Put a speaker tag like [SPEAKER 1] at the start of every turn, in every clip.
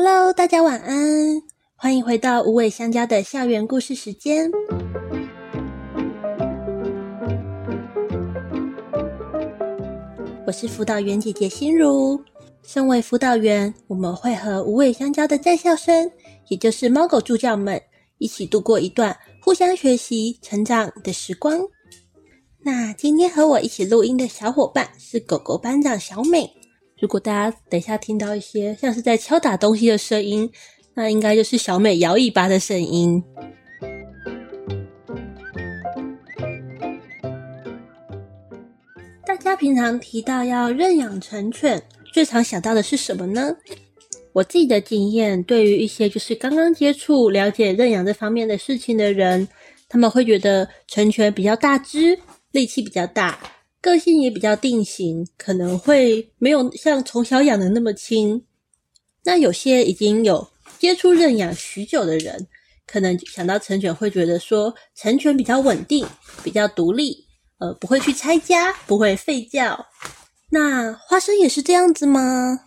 [SPEAKER 1] Hello，大家晚安，歡迎回到無尾香蕉的校園故事時間。我是輔導員姐姐心如，身為輔導員，我們會和無尾香蕉的在校生，也就是貓狗助教們，一起度過一段互相學習、成長的時光。那今天和我一起錄音的小夥伴是狗狗班長小美。如果大家等一下聽到一些像是在敲打東西的聲音，那應該就是小美搖尾巴的聲音。大家平常提到要認養成犬，最常想到的是什麼呢？我自己的經驗，對於一些就是剛剛接觸了解認養這方面的事情的人，他們會覺得成犬比較大隻，力氣比較大。個性也比較定型，可能會沒有像從小養的那麼親。那有些已經有接觸認養許久的人，可能想到成犬會覺得說，成犬比較穩定，比較獨立，呃，不會去拆家，不會吠叫。那花生也是這樣子嗎？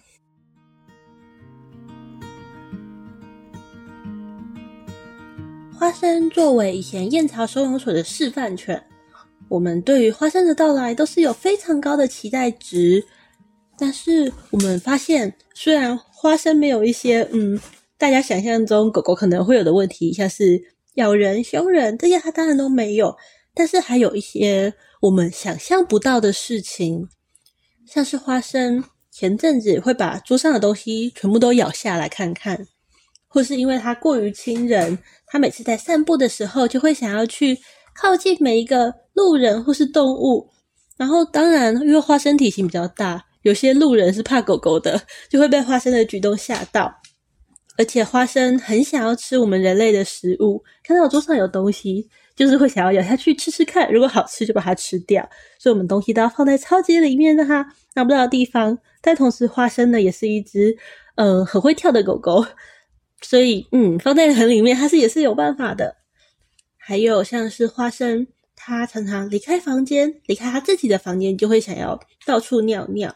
[SPEAKER 1] 花生作為以前燕巢收容所的示範犬。我們對於花生的到來都是有非常高的期待值，但是我們發現，雖然花生沒有一些嗯，大家想象中狗狗可能會有的問題，像是咬人、凶人這些，它當然都沒有。但是還有一些我們想象不到的事情，像是花生前陣子會把桌上的東西全部都咬下來看看，或是因為它過於親人，它每次在散步的時候就會想要去靠近每一個。路人或是動物，然後當然，因為花生體型比較大，有些路人是怕狗狗的，就會被花生的舉動嚇到。而且花生很想要吃我們人類的食物，看到桌上有東西，就是會想要咬下去吃吃看。如果好吃，就把它吃掉。所以我們東西都要放在超級裡面的哈，它拿不到的地方。但同時，花生呢也是一隻嗯、呃、很會跳的狗狗，所以嗯，放在很裡面，它是也是有辦法的。還有像是花生。他常常離開房間，離開他自己的房間，就會想要到處尿尿。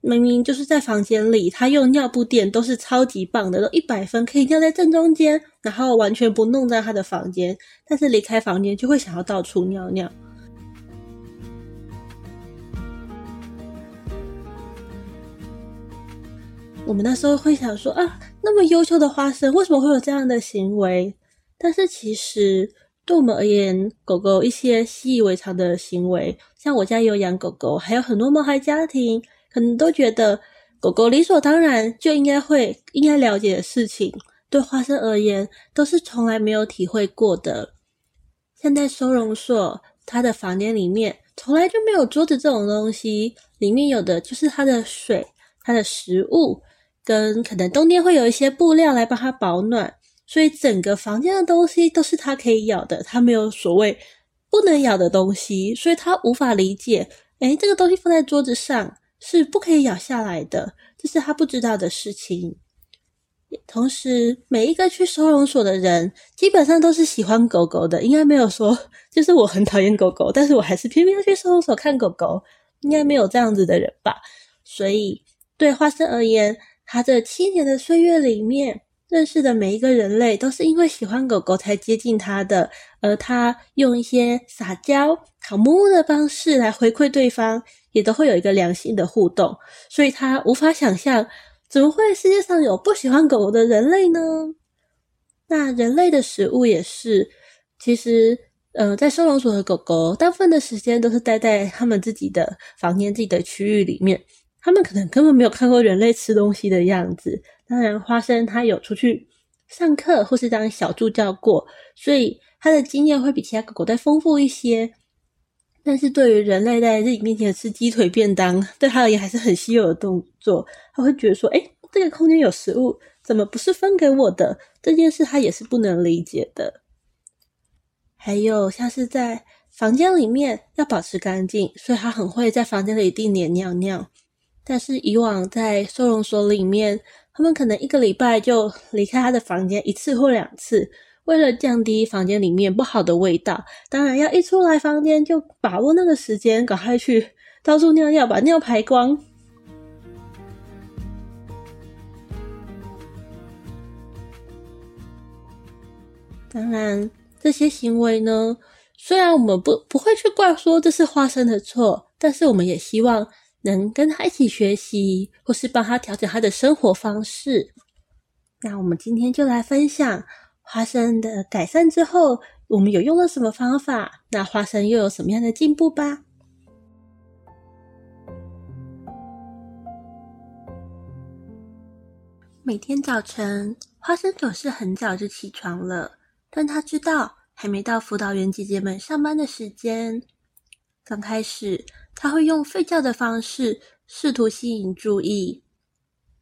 [SPEAKER 1] 明明就是在房間裡，他用尿布墊都是超級棒的，都一百分，可以尿在正中間，然後完全不弄在他的房間。但是離開房間，就會想要到處尿尿。 我們那時候會想說啊，那麼優秀的花生，為什麼會有這樣的行為？但是其實。對我們而言，狗狗一些習以為常的行為，像我家有養狗狗，還有很多毛孩家庭，可能都覺得狗狗理所當然就應該會應該了解的事情，對花生而言都是從來沒有體會過的。現在收容所它的房間裡面從來就沒有桌子這種東西，裡面有的就是它的水、它的食物，跟可能冬天會有一些布料來幫它保暖。所以整個房間的東西都是他可以咬的，他沒有所謂不能咬的東西，所以他無法理解。哎，這個東西放在桌子上是不可以咬下來的，這是他不知道的事情。同時，每一個去收容所的人基本上都是喜歡狗狗的，應該沒有說就是我很討厭狗狗，但是我還是偏偏要去收容所看狗狗，應該沒有這樣子的人吧。所以對花生而言，他這七年的歲月裡面，認識的每一個人類都是因為喜歡狗狗才接近他的，而他用一些撒嬌、討摸的方式來回饋對方，也都會有一個良性的互動。所以他無法想象，怎麼會世界上有不喜歡狗狗的人類呢？那人類的食物也是，其實，呃，在收容所的狗狗大部分的時間都是待在他們自己的房間、自己的區域裡面，他們可能根本沒有看過人類吃東西的樣子。當然，花生他有出去上課或是當小助教過，所以他的經驗會比其他狗狗再豐富一些。但是，對於人類在自己面前吃雞腿便當，對他而言還是很稀有的動作。他會覺得說：“哎，這個空間有食物，怎麼不是分給我的？”這件事他也是不能理解的。還有像是在房間裡面要保持乾淨，所以他很會在房間裡定點尿尿。但是以往在收容所裡面。他們可能一個禮拜就離開他的房間一次或兩次，為了降低房間裡面不好的味道，當然要一出來房間就把握那個時間，趕快去到處尿尿，把尿排光。當然，這些行為呢，雖然我們不不會去怪說這是花生的錯，但是我們也希望。能跟他一起學習，或是幫他調整他的生活方式。那我們今天就來分享花生的改善之後，我們有用了什麼方法？那花生又有什麼樣的進步吧？每天早晨，花生總是很早就起床了，但他知道還沒到輔導員姐姐們上班的時間。剛開始。他會用吠叫的方式試圖吸引注意，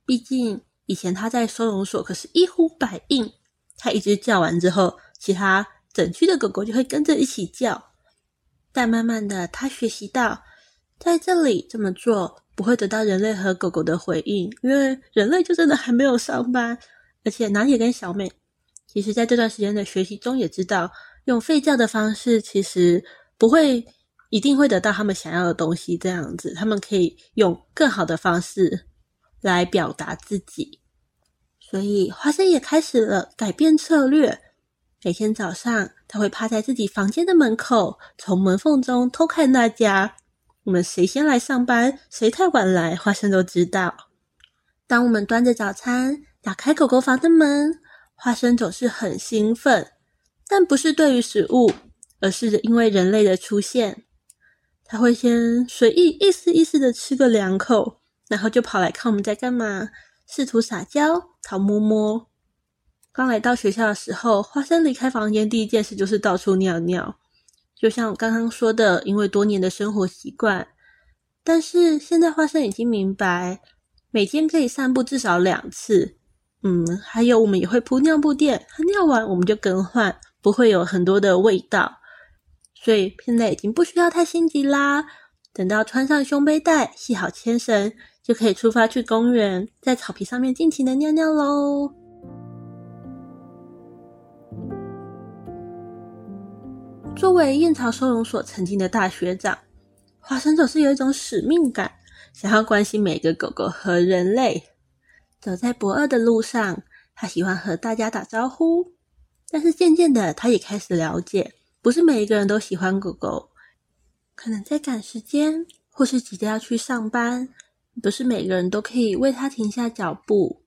[SPEAKER 1] 畢竟以前他在收容所可是一呼百應。他一直叫完之後，其他整區的狗狗就會跟着一起叫。但慢慢的，他學習到在這裡這麼做不會得到人類和狗狗的回應，因為人類就真的還沒有上班。而且，南野跟小美，其實在這段時間的學習中也知道，用吠叫的方式其實不會。一定會得到他們想要的東西。這樣子，他們可以用更好的方式來表達自己。所以，花生也開始了改變策略。每天早上，他會趴在自己房間的門口，從門縫中偷看大家。我們誰先來上班，誰太晚來，花生都知道。當我們端着早餐打開狗狗房的門，花生總是很興奮，但不是對於食物，而是因為人類的出現。他會先隨意意思意思的吃個兩口，然後就跑來看我們在幹嘛，試圖撒嬌討摸摸。剛來到學校的時候，花生離開房間第一件事就是到處尿尿，就像我剛剛說的，因為多年的生活習慣。但是現在花生已經明白，每天可以散步至少兩次。嗯，還有我們也會鋪尿布墊，它尿完我們就更換，不會有很多的味道。所以現在已經不需要太心急啦，等到穿上胸背帶，繫好牽繩，就可以出發去公園，在草皮上面盡情的尿尿嘍。作為燕巢收容所曾經的大學長，花生總是有一種使命感，想要關心每個狗狗和人類。走在不二的路上，他喜歡和大家打招呼，但是漸漸的，他也開始了解。不是每一個人都喜歡狗狗，可能在趕時間，或是急着要去上班，不是每個人都可以為它停下腳步。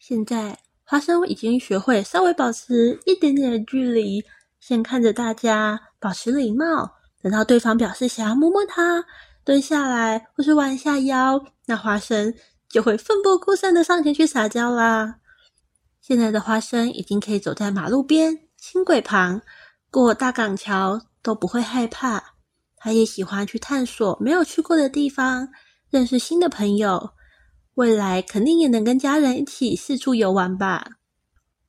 [SPEAKER 1] 現在，花生已經學會稍微保持一點點的距離，先看着大家，保持禮貌。等到對方表示想要摸摸它，蹲下來或是彎下腰，那花生就會奮不顧身的上前去撒嬌啦。現在的花生已經可以走在馬路邊、輕軌旁。過大港橋都不會害怕，他也喜歡去探索沒有去過的地方，認識新的朋友。未來肯定也能跟家人一起四處遊玩吧。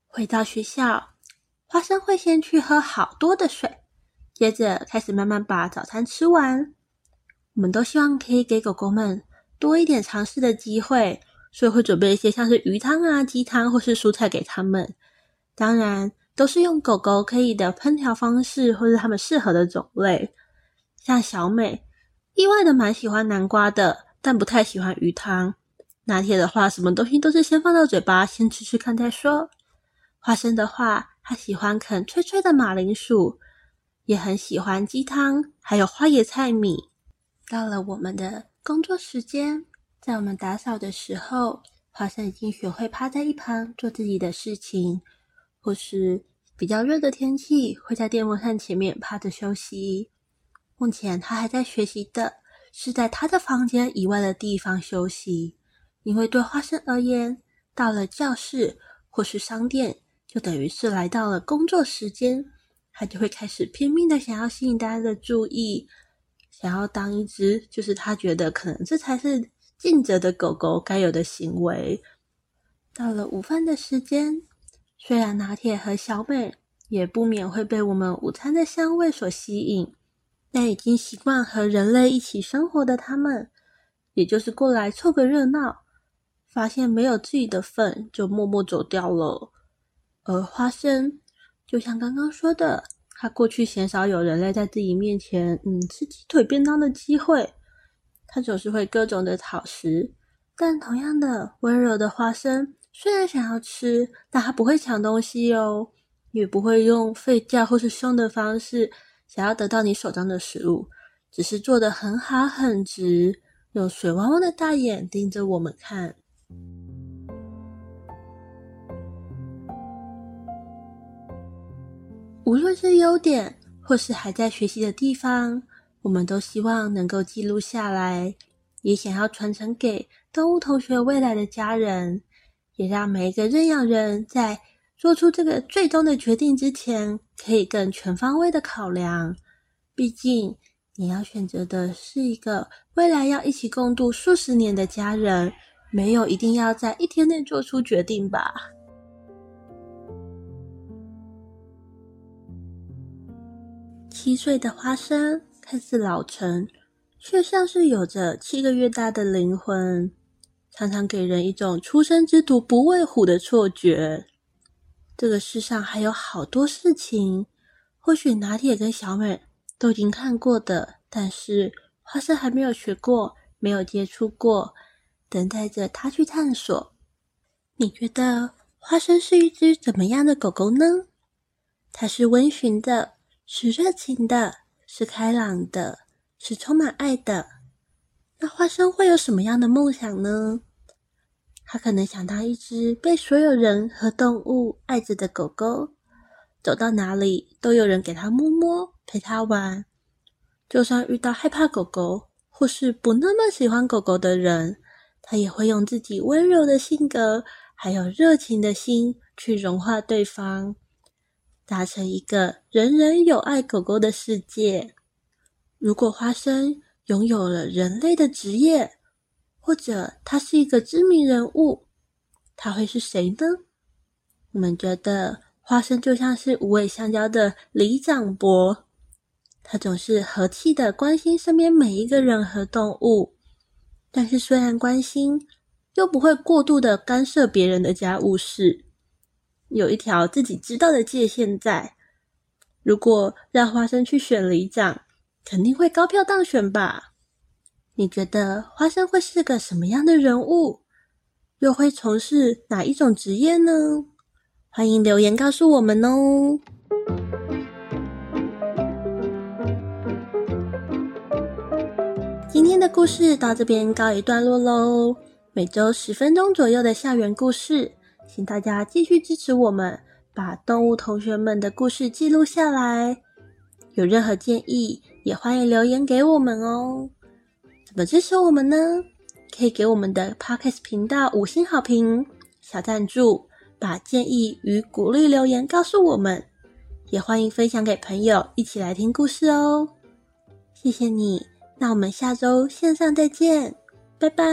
[SPEAKER 1] 回到學校，花生會先去喝好多的水，接着開始慢慢把早餐吃完。我們都希望可以給狗狗們多一點嘗試的機會，所以會準備一些像是魚湯啊、雞湯或是蔬菜給他們。當然，都是用狗狗可以的烹調方式，或是它們適合的種類。像小美，意外的蠻喜歡南瓜的，但不太喜歡魚湯。拿鐵的話，什麼東西都是先放到嘴巴先吃吃看再說。花生的話，他喜歡啃脆脆的馬鈴薯，也很喜歡雞湯，還有花椰菜米。到了我們的工作時間，在我們打掃的時候，花生已經學會趴在一旁做自己的事情。或是比較熱的天氣，會在電風扇前面趴着休息。目前他還在學習的，是在他的房間以外的地方休息，因為對花生而言，到了教室或是商店，就等於是來到了工作時間，他就會開始拼命的想要吸引大家的注意，想要當一隻就是他覺得可能這才是盡責的狗狗該有的行為。到了午飯的時間。雖然拿鐵和小美也不免會被我們午餐的香味所吸引，但已經習慣和人類一起生活的他們，也就是過來湊個熱鬧，發現沒有自己的份，就默默走掉了。而花生，就像剛剛說的，它過去鮮少有人類在自己面前，嗯，吃雞腿便當的機會，它總是會各種的討食，但同樣的溫柔的花生。雖然想要吃，但他不會搶東西哦，也不會用吠叫或是兇的方式想要得到你手上的食物，只是做得很好很直，有水汪汪的大眼盯着我們看。無論是優點或是還在學習的地方，我們都希望能夠記錄下來，也想要傳承給動物同學未來的家人。也讓每一個認養人在做出這個最終的決定之前，可以更全方位的考量。畢竟你要選擇的是一個未來要一起共度數十年的家人，沒有一定要在一天內做出決定吧。七歲的花生看似老成，卻像是有着七個月大的靈魂。常常給人一種“初生之犢不畏虎”的錯覺。這個世上還有好多事情，或許拿鐵跟小美都已經看過的，但是花生還沒有學過，沒有接觸過，等待着他去探索。你覺得花生是一隻怎麼樣的狗狗呢？它是溫馴的，是熱情的，是開朗的，是充滿愛的。那花生會有什麼樣的夢想呢？他可能想當一隻被所有人和動物愛着的狗狗，走到哪裡都有人給他摸摸，陪他玩。就算遇到害怕狗狗或是不那麼喜歡狗狗的人，他也會用自己溫柔的性格還有熱情的心去融化對方，達成一個人人有愛狗狗的世界。如果花生，擁有了人類的職業，或者他是一個知名人物，他會是誰呢？我們覺得花生就像是無尾香蕉的里長伯，他總是和氣的關心身邊每一個人和動物，但是雖然關心，又不會過度的干涉別人的家務事，有一條自己知道的界限在。如果讓花生去選里長，肯定會高票當選吧？你覺得花生會是個什麼樣的人物？又會從事哪一種職業呢？歡迎留言告訴我們哦！今天的故事到這邊告一段落嘍。每週十分鐘左右的校園故事，請大家繼續支持我們，把動物同學們的故事記錄下來。有任何建議，也歡迎留言給我們哦！怎麼支持我們呢？可以給我們的 Podcast 頻道五星好評、小贊助，把建議與鼓勵留言告訴我們。也歡迎分享給朋友，一起來聽故事哦！謝謝你，那我們下周線上再見，拜拜。